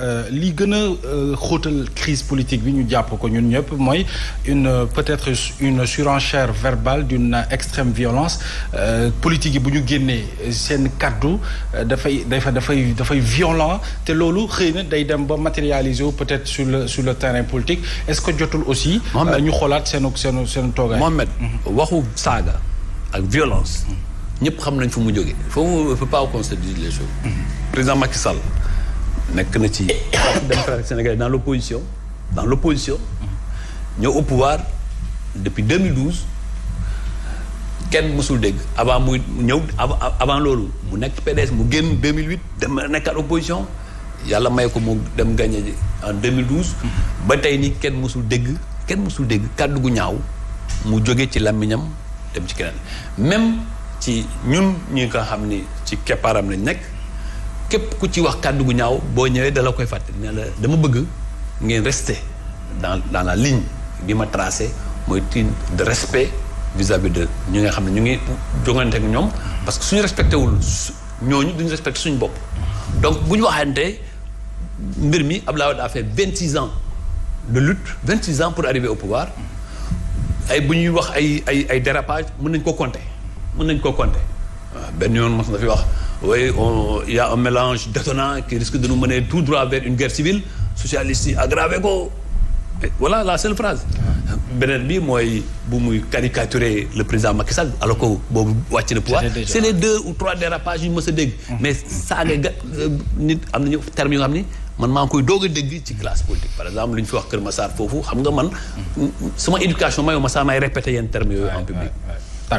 Euh, li gëna euh, xotal crise politique bi ñu japp ko ñun ñëpp moy une euh, peut-être une surenchère verbale d'une extrême violence politique yi bu ñu génnee da fay da fay da fay violent té lolu xeyna day dem ba matérialiser peut-être sur le sur le terrain politique est-ce que jotul aussi ñu xoolaat sen sen sen togaay Mohamed mhm. waxu saga ak violence mhm. ñëpp xam nañ fu mu joggé faut on peut pas les choses mhm. président Macky Sall nekk na ci sénégalais dans l'opposition dans l'opposition nous au pouvoir depuis 2012 ken mësul avant muy ñëw avant loolu mu nekk PDS mu génn 2008 dem nekkaat opposition yàlla may ko mu dem gagné en 2012. ba tey nii ken mësul dégg kenn mësul dégg kàddu gu ñaaw mu jóge ci làmmiñam dem ci keneen même ci ñun ñi nga xam ni ci keppaaram lañ nekk képp ku ci wax kaddu gu ñaaw boo ñëwee dala koy fàttali ne la dama bëgg ngeen rester dans dans la ligne bi ma tracé mooy tin de respect vis-à-vis de ñi nga xam ne ñu ngi jongante ak ñoom parce que suñu respecté wul ñooñu duñu respecté suñu bopp donc bu ñu waxantee mbir mi Abdoulaye Wade a fait vingt six ans de lutte vingt six ans pour arriver au pouvoir ay bu ñuy wax ay ay ay dérapage mën nañ ko compter mën nañ ko compter waaw benn yoon mos na fi wax oui, il y a un mélange détonnant qui risque de nous mener tout droit vers une guerre civile. Socialiste aggravé voilà la seule phrase. beneen bi moi, bu muy caricaturer le président Macky Sall alors que vous voyez le pouvoir c'est les deux ou trois dérapages je me suis dit. mais ça, ga euh, nit am Je termes un nga xam ni man maa ngi koy classe politique par exemple lu fois fi wax Kër Massar foofu xam nga man. un mm-hmm. éducation mayoo ma may répéter un termes en public. ça.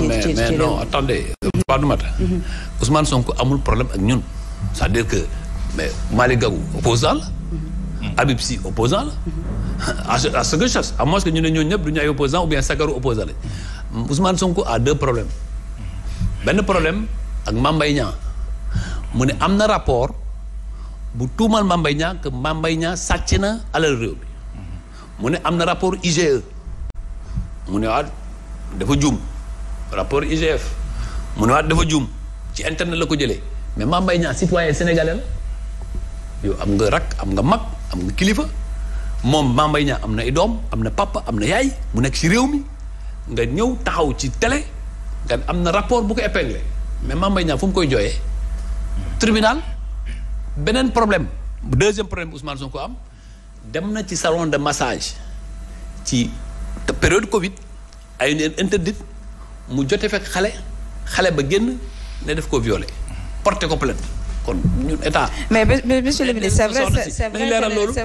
mais non attendez. Ousmane Sonko un problème avec nous c'est-à-dire que mais est opposant mhm. Habib opposant mhm. à ce que je à moins que nous ou bien Sakaru opposant mhm. Ousmane Sonko a deux problèmes. premier problème ak Mame Mbaye Niang mu un rapport bu tout le Mbaye que Mbaye Niang à alal a un rapport IGE mu rapport IGF mu ne waat dafa juum ci internet la ko jëlee mais Mame Mbaye Niang citoyen sénégalais la am nga rak am nga mag am nga kilifa moom Mame Mbaye am na i doom am na papa am na yaay mu nekk ci réew mi nga ñëw taxaw ci télé nga am na rapport bu ko épinglé mais Mame Mbaye fu mu koy jooyee tribunal beneen problème deuxième problème Ousmane ko am dem na ci salon de massage ci période Covid ay neen mu jote fekk xale xale ba génn ne def ko violé porté ko plainte kon ñun état. mais monsieur le ministre c'est vrai c'est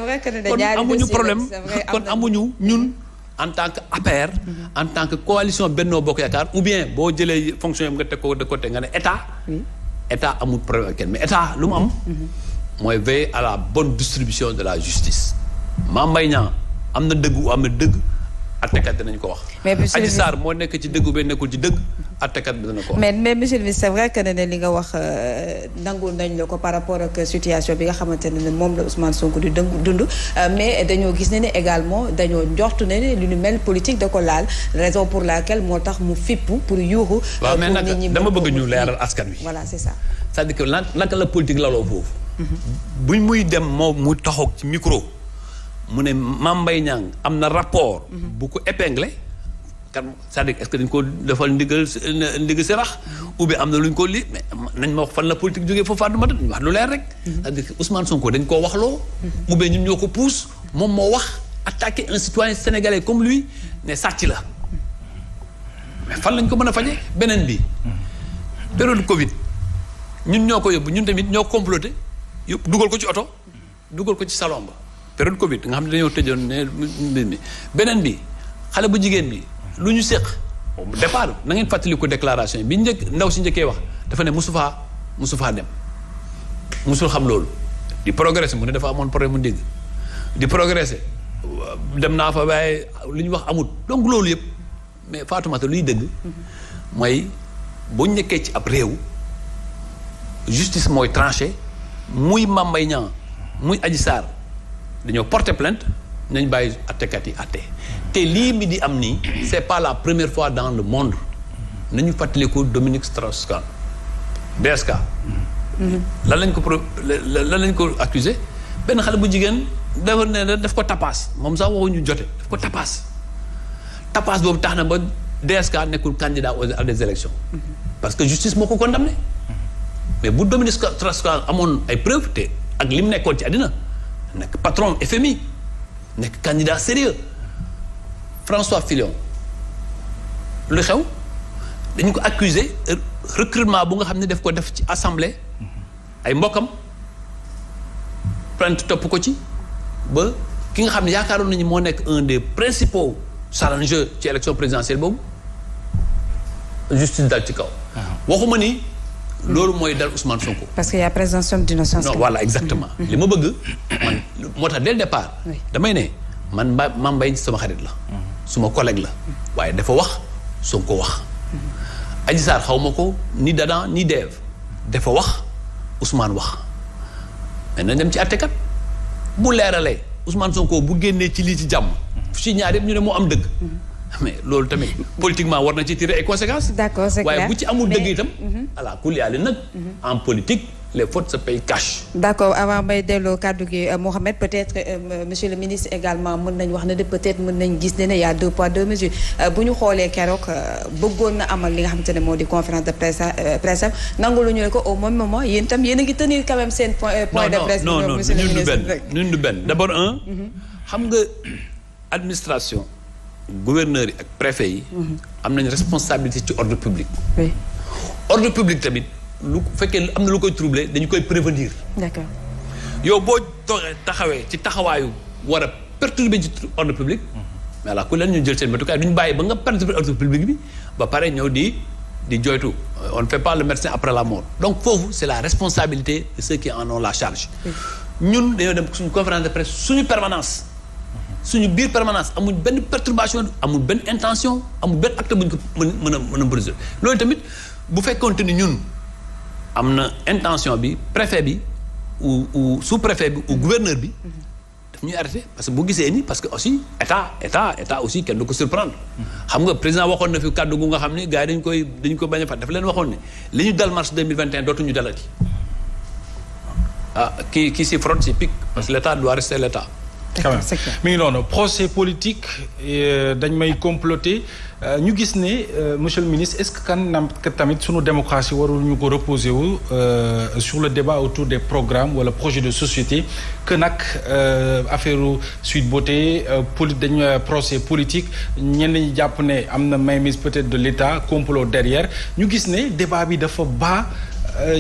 vrai que ne kon amuñu problème kon amuñu ñun. en tant que APR. Mhm. en tant que coalition Benno Bokk yakar ou bien boo jëlee fonction yi nga teg ko de côté nga ne état. état amul problème ak mais état lu mu am. Mhm. mooy veiller à la bonne distribution de la justice. Mame Mbaye Niang am na dëgg am na dëgg. attekat dinañ ko wax. mais monsieur Aji Sarr moo nekk ci dëgg be nekkul ci dëgg. attekat bi dina ko wax. mais mais monsieur le ministre c'est vrai que ne li nga wax euh, nangul nañ la ko par rapport ak situation bi nga xamante ne ne moom la Ousmane Sonko di dund euh, mais dañoo gis ne ne également dañoo njortu ne ne lu ñu mel politique da ko laal raison pour laquelle moo tax mu fippu pour yuuxu. waaw mais nag dama bëgg ñu leeral askan wi. voilà c'est ça. c'est-à-dire que lan naka la politique laloo foofu. Mhm. buñ muy dem moom mu taxaw ci micro. mu ne Mame Mbaye Niang am na rapport. Mhm. bu ko épinglé. kan c'est-à-dire est-ce que dañ ko defal ndigal ndigal serax rax bien am na luñ ñu ko lii mais nañ ma wax fan la politique jógee foofu àdduma dañ wax lu leer rek. Mhm. c'est-à-dire que Ousmane Sonko dañ koo waxloo. Mhm. ou bien ñun ñoo ko puus. moom moo wax attaquer un citoyen sénégalais comme lui ne sàcc la fan lañ ko mën a faje beneen bi période Covid ñun ñoo ko yóbbu ñun tamit ñoo comploté yóbbu dugal ko ci oto dugal ko ci salon ba. période covid nga xam ne dañoo tëjoon ne mbir mi beneen bi xale bu jigéen bi lu ñu séq départ na ngeen fàttaliku déclaration yi bi njëkk ndaw si njëkkee wax dafa ne musu faa dem musul xam loolu di progresser mu ne dafa amoon problème dégg di progresser dem naa fa waaye lu ñu wax amut donc loolu yëpp mais faatumata luy dëgg mooy bu njëkkee ci ab réew justice mooy tranché muy mambay ñaa muy aji saar dañoo porter plainte nañ bàyyi attekat yi atte te lii mi di am nii c' est pas la première fois dans le monde nañu fàttaliku Dominique Strauss-Kahn DSK lan lañ ko lan lañ ko accusé benn xale bu jigéen dafa ne daf ko tapaas moom sax waxuñu jote daf ko tapaas tapaas boobu tax na ba DSK nekkul candidat aux des élections parce que justice moo ko condamné mais bu Dominique Strauss-Kahn amoon ay preuves te ak lim mu nekkoon ci àddina nek patron FMI nek candidat sérieux François Fillon lu xew dañu ko accuser recrutement bu nga xam ne daf ko def ci assemblée ay mbokkam plainte topp ko ci ba ki nga xam ne yaakaaroon un des principaux challengeurs ci élection présidentielle justice dal loolu mooy dal Ousmane Sonko. parce que y' a présomption d'innocence. non voilà exactement. Mm-hmm. li ma bëgg moo tax dès le départ. damay ne man ma Mame Mbaye sama xarit la. Mm-hmm. suma collègue la. waaye dafa wax Sonko wax. Mm-hmm. Adji xaw ma ko ni Dadan ni Dev dafa wax Ousmane wax mais na dem ci àttekat bu leeralee Ousmane Sonko bu génnee ci lii ci jàmm. fu ci ñaar yëpp ñu ne moo am dëgg. mais loolu tamit politiquement war na ci tirer ay conséquences. d'accord c'est clair waaye bu ci amul deug itam. Mhm. ala ku yàlla nag. Mhm. en politique. les fautes se payent cash. d'accord avant may delloo kàddu gi euh, Mohamed peut-être euh, monsieur le ministre également mën nañ wax né peut-être mën nañ gis né ne y a deux poids deux mesures euh, buñu xolé kérok keroog na amal li nga xamante ne moo conférence de presse presse am nangu lu ñu ko au même moment yéen itam yéen ngi tenir quand même sen point point de presse. non non non ñun du benn ñun du benn d'abord un. Mhm. xam nga administration gouverneur yi ak préfet yi. Mhm. am nañ responsabilité ci ordre public. oui ordre public tamit lu fekkee amna lu koy troubler dañu koy prévenir. d'accord yo bo taxawé ci taxawayu wara perturber ci ordre public. voilà mhm. ku leen ñu jël seen matukaay du ñu bàyyi ba nga perturber ordre public bi ba paré ñeu di di joytu euh, on ne fait pas le médecin après la mort donc foofu c'est la responsabilité de ceux qui en ont la charge. ñun dañu dem suñu conférence de presse suñu permanence. suñu biir permanence amul benn perturbation amul benn intention amul benn acte bu ñu ko mën mën a mën a briser loolu tamit bu fekkoonte ni ñun am na intention bi préfet bi ou ou sous préfet bi ou gouverneur bi daf ñuy arrêté parce que bu gisee ni parce que aussi état état état aussi kenn du ko surprendre xam nga président waxoon na fi kàddu gu nga xam ne gars yi dañu koy dañu ko bañ a fat dafa leen waxoon ne li ñu dal mars 2021 dootuñu dalati ah qui qui s'y frotte si pique parce que l' état doit rester l' état quand même mi non, procès politique euh, dañ may comploter euh, ñu gis ne euh, monsieur le ministre est-ce que kan tamit sunu démocratie warul ñu ko reposer wu sur le débat autour des programmes ou le projets de société que euh, affaire suite Beauté poli dañ procès politique ñenn ñi jàpp ne am mainmise peut-être de l'État complot derrière ñu gis ne débat bi dafa baa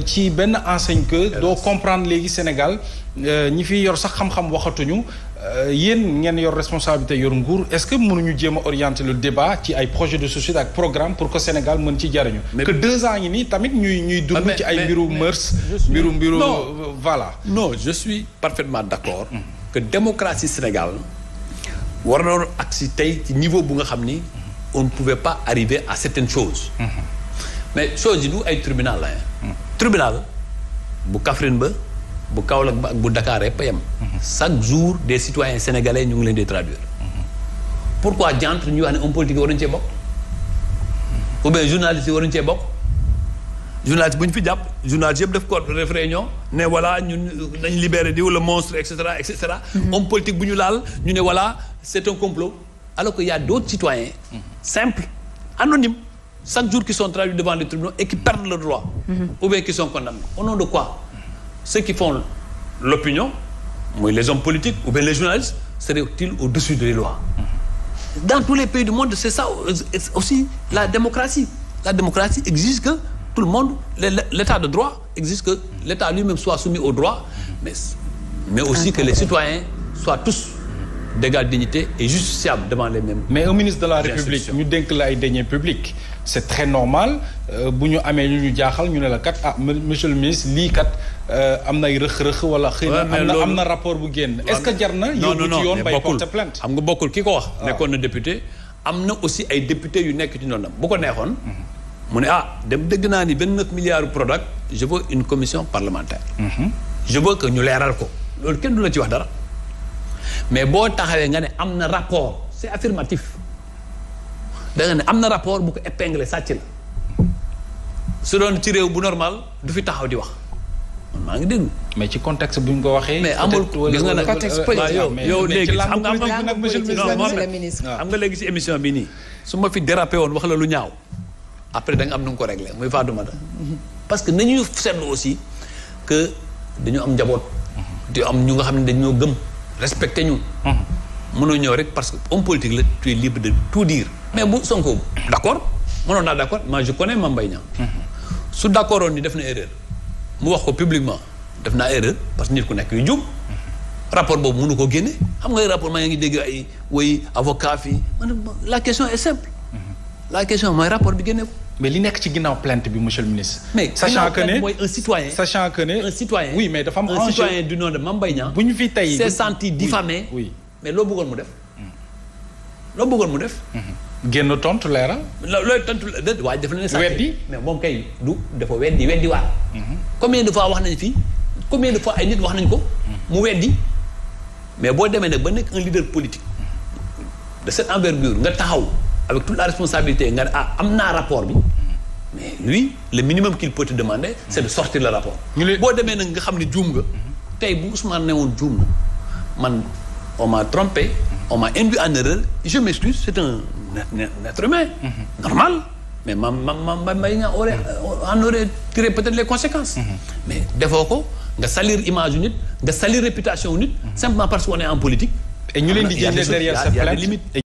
ci ben enseigne que doo comprendre léegi Sénégal ñi fi yor sax xam-xam waxatuñu euh, yéen ngeen yor responsabilité yor nguur est-ce que nous devons orienter le débat ci ay projet de société ak programme pour que Sénégal mën ci jariñu que deux ans yi nii tamit ñuy ñuy dund ah, ci ay mbiru mœurs mbiru mbiru voilà non je suis parfaitement d'accord que démocratie Sénégal war na tey ci niveau bu nga xam on ne pouvait pas arriver à certaines choses mhm. mais chose yi du ay tribunal la hein. mhm. tribunal bu Kaffrine ba bu Kaolack ak Dakar mhm. chaque jour des citoyens sénégalais ñu ngi leen di traduire. Mhm. pourquoi jantre ñu wax ne homme politique waruñu cee bokk. Mhm. ou bien journaliste yi waruñu cee bokk. journaliste bu ñu fi jàpp journaliste yëpp def code réunion ne voilà ñun dañ libéré diw monstre etc. cetera et politique bu ñu laal ñu ne voilà c' un complot. alors que y' a d'autres citoyens. simples anonymes chaque jour qui sont traduits devant les tribunaux et qui perdent leur droit. ou bien qui sont condamnés au nom de quoi ceux qui font l'opinion, les hommes politiques ou bien les journalistes, seraient-ils au-dessus de la lois Dans tous les pays du monde, c'est ça euh, aussi la démocratie. La démocratie exige que tout le monde, l'état de droit exige que l'état lui-même soit soumis au droit, mais, mais aussi que les citoyens soient tous d'égale dignité et justiciable devant les mêmes. Mais un ministre de la République, nous dénk la ay deniers public, c'est très normal euh, bu ñu amee lu ñu jaaxal ñu ne la kat ah monsieur le ministre li kat euh, am na ay rëx wala xeyna amna rapport bu guen est-ce que jarna na yóbbu ci yoon bay porte plainte xam nga bokul kiko wax. Ah. nekkoon na député amna aussi ay député yu nekk ci noonu bu ko neexoon. Mhm. mu ne ah dem dégg naa ni vingt milliards product. je veux une commission parlementaire. Mhm. je veux que ñu leeral ko loolu kenn du la ci wax dara. mais boo taxawee nga ne am na rapport c'est affirmatif da nga ne am na rapport bu ko épinglé sàcc la su doon ci réew bu normal du fi taxaw di wax man maa ngi dégg. mais ci contexte bu ñu ko waxee. mais amul gis nga nag contexte politique yow yow léegi xam nga am nga monsieur le ministre xam nga léegi si émission bi nii su ma fi dérapé woon wax la lu ñaaw après da nga am nu ko réglé muy Fadou Mata parce que nañuy seetlu aussi que dañu am njaboot di am ñu nga xam ne gëm respecté ñu. mënoo ñëw rek parce que homme politique la tu es libre de tout dire. mais bu Sonko d' accord mënoon naa d' accord moi je connais Mame Mbaye Niang. su d' accord woon def na erreur mu wax ko publiquement def naa erreur parce que nit ku nekk yu jub. rapport boobu mënu ko génne xam nga rapport maa ngi dégg ay woy avocat fii la question est simple. la question mooy rapport bi génne ko. mais li nek ci ginnaw plainte bi monsieur le ministre. mais sachant que né un citoyen. sachant que né un citoyen. oui mais dafa am un citoyen du nom de Mambaynia buñ fi tay c'est senti diffamé. oui mais lo bëggoon mu def. lo bëggoon mu def. genn tontu leeral. lo tontu def dafa leen weddi mais mom kay du dafa weddi weddi waat. combien de fois wax nañ fi combien de fois ay nit wax nañ ko. mu weddi mais bo démé nak ba nek un leader politique. de cette envergure nga taxaw avec toute la responsabilité nga ne ah am rapport bi mais lui le minimum qu'il peut te demander c'est de sortir le rapport Si on m'a trompé on m'a induit en erreur je m'excuse c'est un être humain mhm. normal mais on mhm. aurait tiré peut-être les conséquences mhm. mais il salir l'image unique, de nga salir réputation simplement parce qu'on est en politique et ñu leen di derrière sa plainte